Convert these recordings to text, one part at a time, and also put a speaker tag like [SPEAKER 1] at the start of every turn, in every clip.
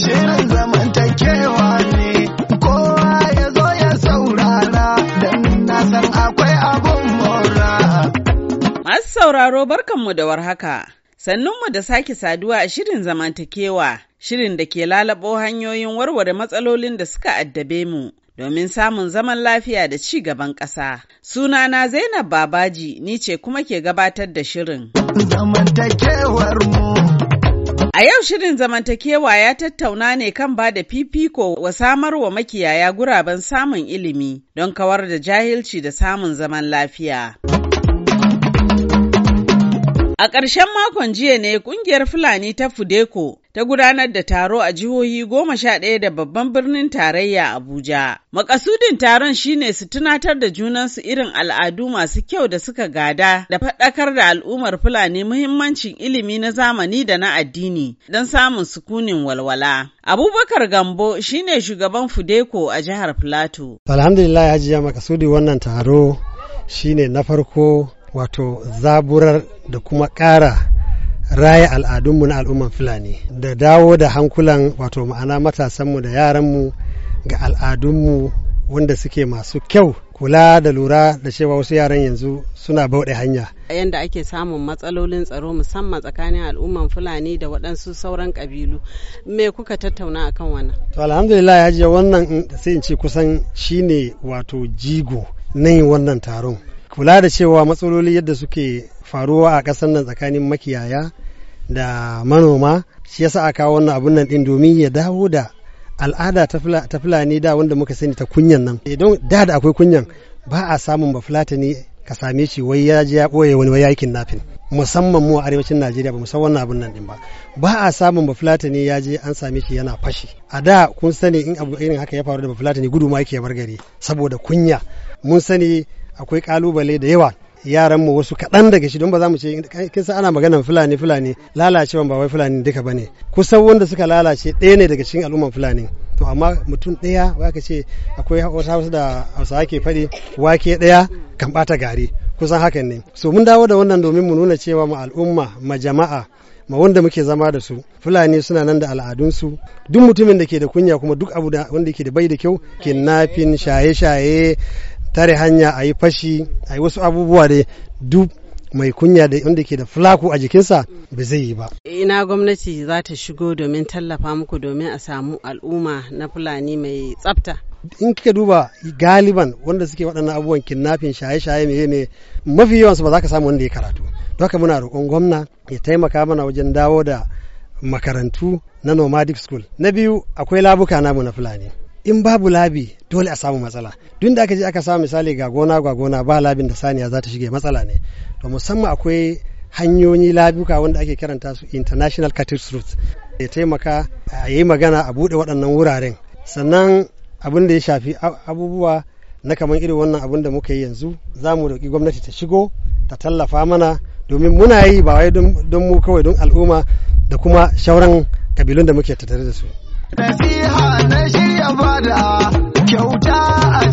[SPEAKER 1] shirin zamantakewa ne kowa ya zo ya saurara don na san akwai abun mora. Masu
[SPEAKER 2] sauraro barkanmu da warhaka. Sannunmu da sake saduwa a shirin zamantakewa, shirin da ke lalabo hanyoyin warware matsalolin da suka addabe mu. domin samun zaman lafiya da ci gaban ƙasa. Sunana Zainab Babaji ni ce kuma ke gabatar da shirin.
[SPEAKER 1] Zamantakewar
[SPEAKER 2] mu A yau shirin zamantakewa ya tattauna ne kan ba da fifiko wa samar wa makiyaya guraben samun ilimi don kawar da jahilci da samun zaman lafiya. A ƙarshen makon jiya ne ƙungiyar Fulani ta Fudeko ta gudanar da taro a jihohi goma sha ɗaya da babban birnin tarayya Abuja. Makasudin taron shine su tunatar da junansu irin al'adu masu kyau da suka gada da faɗakar da al'ummar Fulani muhimmancin ilimi na zamani da na addini don samun sukunin walwala. Abubakar Gambo shine shugaban Fudeko a jihar Filato.
[SPEAKER 3] Alhamdulillah ya makasudi wannan taro shine na farko wato zaburar da kuma ƙara raya al'adunmu na al'umman fulani da dawo da hankulan wato ma'ana matasanmu da yaranmu ga al'adunmu wanda suke masu kyau kula da lura da cewa wasu yaran yanzu suna bauɗe hanya.
[SPEAKER 2] Yadda ake samun matsalolin tsaro musamman tsakanin al'umman Fulani da waɗansu sauran ƙabilu. Me kuka tattauna akan wannan?
[SPEAKER 3] To alhamdulillah ya ji wannan sai in ce kusan shine wato jigo na yin wannan taron. kula da cewa matsaloli yadda suke faruwa a ƙasar nan tsakanin makiyaya da manoma shi yasa aka kawo wannan abun nan din domin ya dawo da al'ada ta fulani da wanda muka sani ta kunyan nan idan eh, da da akwai kunyan ba a samun ba fulatani ka same shi wai ya je ya ɓoye wani wai yakin nafin musamman mu a arewacin najeriya ba mu san wannan abun nan din ba ba a samun ba fulatani ya je an same shi yana fashi a da kun sani in abu irin haka ya faru da ba fulatani gudu ma yake bar gari saboda kunya mun sani akwai kalubale da yawa yaran mu wasu kaɗan daga shi don ba za mu ce kin san ana magana fulani fulani lalacewa ba wai fulani duka bane kusan wanda suka lalace ɗaya ne daga cikin al'umman fulani to amma mutum ɗaya wai aka ce akwai wasu da hausa ke faɗi wake ɗaya kan bata gari kusan hakan ne so mun dawo da wannan domin mu nuna cewa ma al'umma ma jama'a ma wanda muke zama da su fulani suna nan da al'adunsu duk mutumin da ke da kunya kuma duk abu da wanda ke da bai da kyau kinnafin shaye-shaye tare hanya a yi fashi a yi wasu abubuwa da duk mai kunya da wanda ke da fulaku a jikinsa ba zai yi ba.
[SPEAKER 2] Ina gwamnati za ta shigo domin tallafa muku domin a samu al'umma na Fulani mai tsafta.
[SPEAKER 3] In kika duba galiban wanda suke waɗannan abubuwan kidnapping shaye-shaye mai ne mafi yawansu ba za ka samu wanda ya karatu. Don haka muna roƙon gwamna ya taimaka mana wajen dawo da makarantu na nomadic school. Na biyu akwai labuka namu na Fulani. in babu labi dole a samu matsala duk da aka je aka samu misali ga gona ga gona ba labin da saniya za ta shige matsala ne to musamman akwai hanyoyi labuka wanda ake karanta su international cattle routes ya taimaka a yi magana a bude waɗannan wuraren sannan abin da ya shafi abubuwa na kamar irin wannan abin da muka yi yanzu za mu roƙi gwamnati ta shigo ta tallafa mana domin muna yi ba wai don mu kawai don al'umma da kuma shauran kabilun da muke tattare da su.
[SPEAKER 1] bada kyauta a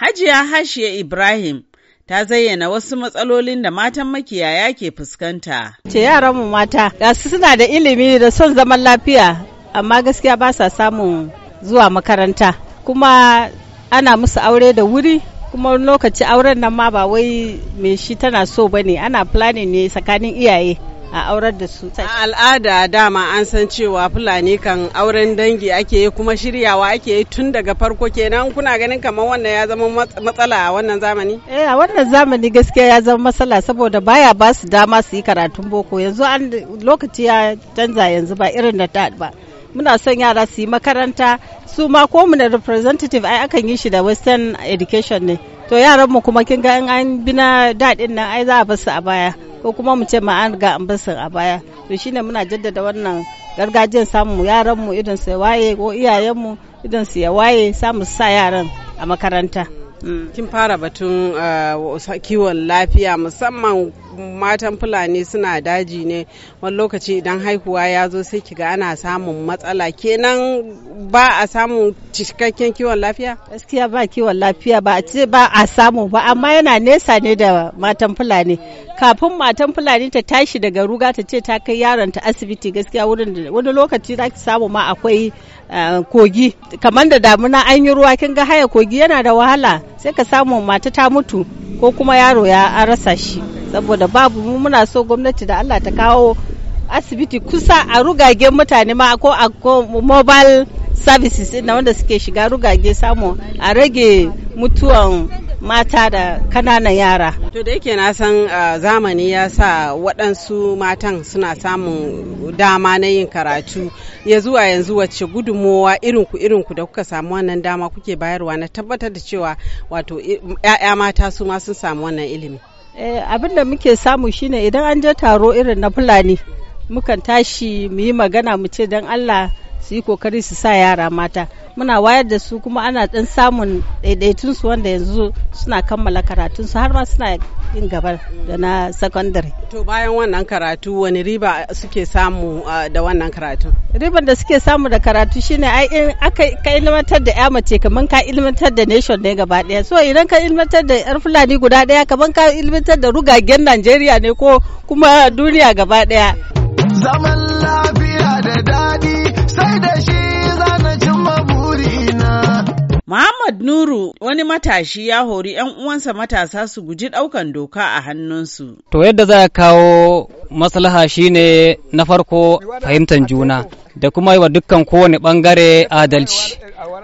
[SPEAKER 2] Hajiya Hashiya Ibrahim ta zayyana wasu matsalolin da matan makiyaya ke fuskanta. Ce
[SPEAKER 4] mu mata, gasu suna da ilimi da son zaman lafiya, amma gaskiya ba sa samun zuwa makaranta. Kuma ana musu aure da wuri kuma lokaci auren nan ma ba wai mai shi tana so ba ne ana planning ne tsakanin iyaye a aurar da su. A al'ada
[SPEAKER 2] dama an san cewa Fulani kan auren dangi ake yi kuma shiryawa ake yi tun daga farko kenan kuna ganin kamar wannan ya zama matsala a wannan zamani?
[SPEAKER 4] Eh a wannan zamani gaskiya ya zama matsala saboda baya ba su dama su yi karatun boko yanzu an lokaci ya canza yanzu ba irin da ta ba. muna son yara su yi makaranta su ma ko mu da representative ai akan yi shi da western education ne to yaran mu kuma kin ga in an bina dadin nan ai za a basu a baya ko kuma mu ce ma an ga an basu a baya to shine muna jaddada wannan gargajiyar samu yaran mu idan su waye ko iyayen mu idan su ya waye samu sa yaran a makaranta
[SPEAKER 2] mm. kin fara batun ah, kiwon lafiya musamman matan fulani suna daji ne wani lokaci idan haihuwa ya zo sai kiga ana samun matsala kenan ba a samun cikakken kiwon
[SPEAKER 4] lafiya gaskiya ba kiwon lafiya ba a ce ba a samu ba amma yana nesa ne da matan fulani kafin matan fulani ta tashi daga ruga ta ce ta kai yaron ta asibiti gaskiya wani lokaci za ki samu ma akwai eh, kogi kamar da damuna an yi ruwa kin ga haya kogi yana da wahala sai ka samu mata ta mutu ko kuma yaro ya an rasa shi saboda babu mu muna so gwamnati da Allah ta kawo asibiti kusa a rugage mutane ma ko a mobile services na wanda suke shiga rugage samu a rage mutuwan mata da kananan yara.
[SPEAKER 2] To da yake na san zamani ya sa waɗansu matan suna samun dama na yin karatu ya zuwa yanzu wacce gudunmowa irinku irinku da kuka samu wannan dama kuke bayarwa na tabbatar da cewa wato 'ya'ya mata su ma sun samu wannan ilimi.
[SPEAKER 4] Eh, abin da muke samu shine idan an je taro irin na Fulani mukan tashi mu yi magana mu ce don Allah su yi kokari su sa yara mata. muna wayar da su kuma ana dan samun ɗaiɗaitun su wanda yanzu suna kammala karatun su har ma suna yin gaba da na sakandare.
[SPEAKER 2] To bayan wannan karatu wani riba suke samu
[SPEAKER 4] da wannan karatu? Riban da suke samu da karatu shine ai in aka ka ilmantar da ya mace kaman ka ilmantar da nation ne gaba daya. So idan ka ilmantar da yar Fulani guda daya kaman ka ilmantar da rugagen Najeriya ne ko kuma duniya gaba daya.
[SPEAKER 1] Zaman lafiya da daɗi sai da shi
[SPEAKER 2] Muhammad Nuru wani matashi ya hori 'yan uwansa matasa su guji ɗaukan doka a hannunsu.
[SPEAKER 4] To yadda za a kawo maslaha shine na farko fahimtar juna da kuma yi wa dukkan kowane ɓangare adalci.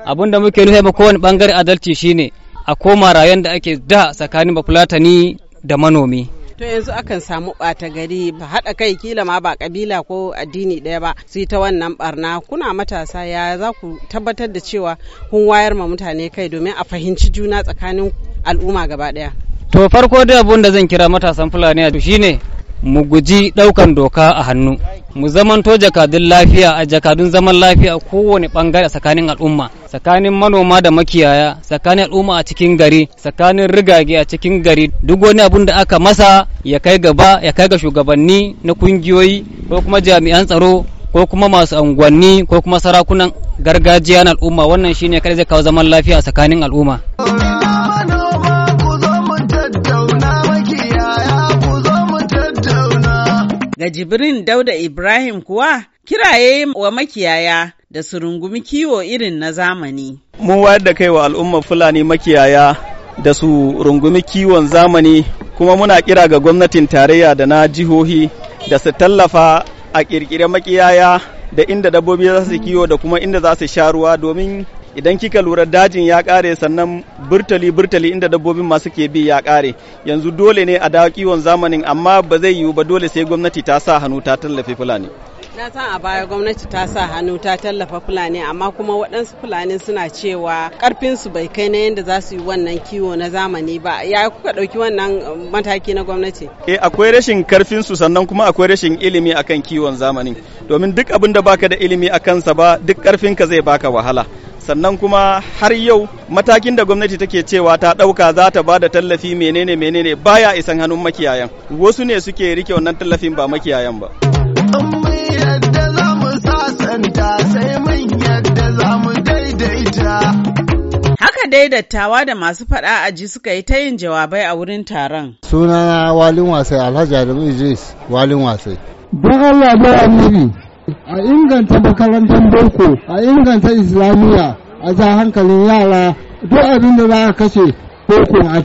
[SPEAKER 4] Abin da muke nufi ma kowane ɓangare adalci shine a koma rayuwar da ake da tsakanin bafulatani da
[SPEAKER 1] manomi.
[SPEAKER 2] to yanzu akan samu ɓata gari ba haɗa kai kila ma ba kabila ko addini ɗaya ba su ta wannan barna kuna matasa ya za ku tabbatar da cewa kun wayar ma mutane kai domin a fahimci juna tsakanin al'umma gaba ɗaya.
[SPEAKER 4] To farko da abun da zan kira matasan Fulani a shine mu guji ɗaukan doka a hannu. Mu zamanto jakadun lafiya a jakadun zaman lafiya kowane ɓangare tsakanin al'umma. tsakanin manoma da makiyaya tsakanin al'umma a cikin gari tsakanin rigage a cikin gari duk wani abun da aka masa ya kai gaba ya kai ga shugabanni na kungiyoyi ko kuma jami'an tsaro ko kuma masu unguwanni ko kuma sarakunan gargajiya na al'umma wannan shine kai zai kawo zaman lafiya a tsakanin al'umma ga jibrin dauda ibrahim kuwa
[SPEAKER 2] kiraye wa makiyaya da su rungumi kiwo irin na zamani. Mun wayar da kai wa al'ummar Fulani makiyaya da su rungumi kiwon zamani kuma muna kira ga gwamnatin tarayya da na jihohi da su tallafa a kirkire makiyaya da inda dabbobi za su kiwo da kuma inda za su sha ruwa domin idan kika lura dajin ya kare sannan burtali burtali inda dabbobin masu ke bi ya kare yanzu dole ne a dawo kiwon zamanin amma ba zai yiwu ba dole sai gwamnati ta sa hannu ta tallafi fulani Na san a baya gwamnati ta sa hannu ta tallafa Fulani amma kuma waɗansu Fulani suna cewa ƙarfinsu bai kai na yadda za su yi wannan kiwo na zamani ba. Ya kuka ɗauki wannan um, mataki na gwamnati?
[SPEAKER 5] Eh akwai rashin ƙarfinsu sannan kuma akwai rashin ilimi akan kiwon zamani. Domin duk abin da baka da ilimi a kansa ba duk ƙarfinka zai baka wahala. sannan kuma har yau
[SPEAKER 2] matakin da gwamnati take cewa ta ɗauka za ta ba da tallafi menene menene baya isan hannun makiyayan wasu ne suke rike wannan tallafin ba makiyayan ba.
[SPEAKER 1] manta sai mun yadda za mu daidaita.
[SPEAKER 2] Haka dai dattawa da masu faɗa ji suka yi ta yin jawabai a wurin taron.
[SPEAKER 4] Sunana Walin Wasai Alhaji Adamu Idris Walin Wasai.
[SPEAKER 1] Don Allah da a inganta makarantar boko a inganta islamiyya a za hankalin yara duk abin da za a kashe boko a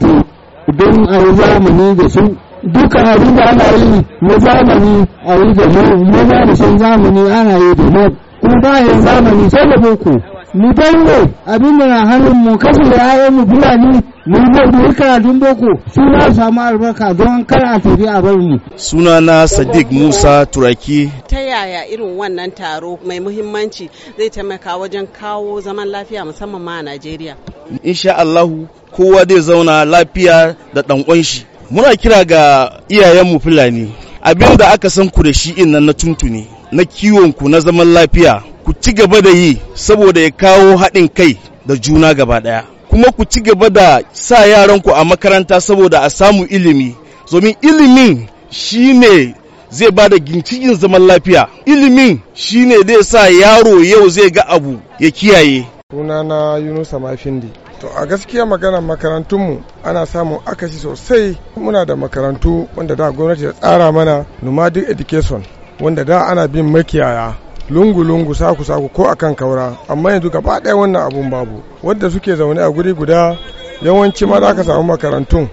[SPEAKER 1] don a yi zamani da su duka abin da ana yi na zamani a yi da na zanishin zamani ana yi da mu, kuma bayan zamani sai da boko mu dango abin da na hannun mu kasu da ayo mu ni, mu yi boko yi karatun boko suna samu albarka don kar a tafi
[SPEAKER 5] a bar mu. Suna na sadiq musa turaki
[SPEAKER 1] ta yaya irin
[SPEAKER 2] wannan taro mai muhimmanci zai taimaka wajen kawo zaman lafiya musamman ma a najeriya
[SPEAKER 5] insha allahu kowa zai zauna lafiya da ɗan shi muna kira ga iyayenmu fulani abin da aka san ku da shi in na tuntuni na kiwon ku na zaman lafiya ku ci gaba da yi saboda ya kawo haɗin kai da juna gaba ɗaya kuma ku ci gaba da sa yaranku a makaranta saboda a samu ilimi domin ilimin shine zai ba da gincikin zaman lafiya ilimin shine zai sa yaro yau zai ga abu ya kiyaye sunana yunusa mafindi to a gaskiya magana makarantunmu ana samun akashi sosai muna da makarantu wanda da gwamnati ta tsara mana nomadic education wanda da ana bin makiyaya lungu-lungu saku-saku ko akan kaura amma yanzu gaba ɗaya wannan abun babu wadda suke zaune a guri guda yawanci ma za ka samu makarantun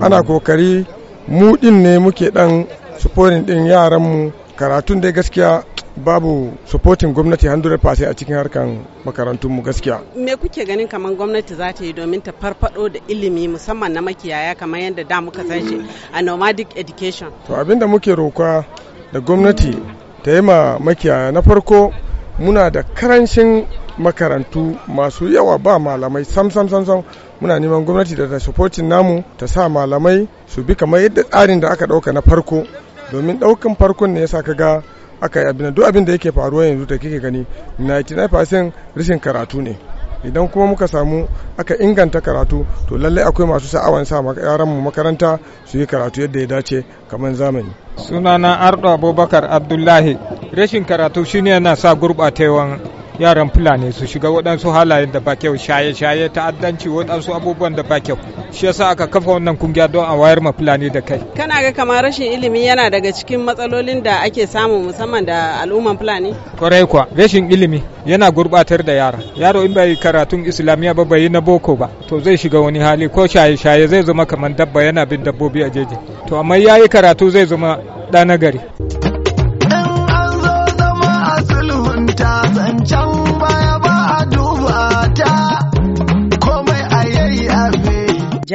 [SPEAKER 5] ana kokari mu ɗin ne muke ɗan suforin ɗin yaranmu karatun dai gaskiya babu supporting gwamnati 100% a cikin harkan makarantun mu gaskiya
[SPEAKER 2] me kuke ganin kamar gwamnati za ta yi domin ta farfado da ilimi musamman na makiyaya kamar yadda da muka san shi a nomadic education
[SPEAKER 5] to abinda muke roka da gwamnati ta yi ma makiyaya na farko muna da karancin makarantu masu yawa ba malamai sam sam sam sam muna neman gwamnati da ta supporting namu ta sa malamai su bi kamar yadda tsarin da aka dauka na farko domin daukan farkon ne ya sa ka ga. aka yi abin duk abin da yake faruwa yanzu da kike gani 99% rashin karatu ne idan kuma muka samu aka inganta karatu to lallai akwai masu sa'awan sa yaran mu makaranta su yi karatu yadda ya dace kamar zamani sunana ardo abubakar abdullahi rashin karatu shine yana sa gurɓatewan yaran fulani su shiga waɗansu halayen da ba kyau shaye-shaye ta'addanci waɗansu abubuwan da ba kyau shi yasa aka kafa wannan kungiya don a wayar ma fulani da kai
[SPEAKER 2] kana ga kamar rashin ilimi yana daga cikin matsalolin da ake samu musamman da al'umman fulani
[SPEAKER 5] kwarai kuwa rashin ilimi yana gurbatar da yara yaro in bai karatun islamiyya ba bai yi na boko ba to zai shiga wani hali ko shaye-shaye zai zama kamar dabba yana bin dabbobi a jeji to amma yayi karatu zai zama ɗa nagari.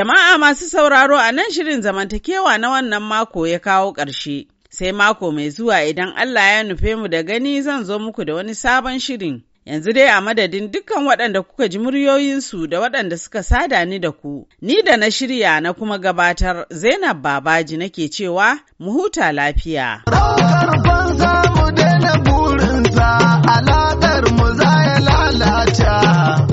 [SPEAKER 2] Jama'a masu sauraro a nan shirin zamantakewa na wannan mako ya kawo ƙarshe. Sai mako mai zuwa idan Allah ya nufe mu da gani zan zo muku da wani sabon shirin. Yanzu dai a madadin dukkan waɗanda kuka ji muryoyinsu da waɗanda suka sada ni da ku, ni da na shirya na kuma gabatar Zainab Babaji nake cewa mu huta lafiya.
[SPEAKER 1] mu za ya lalata.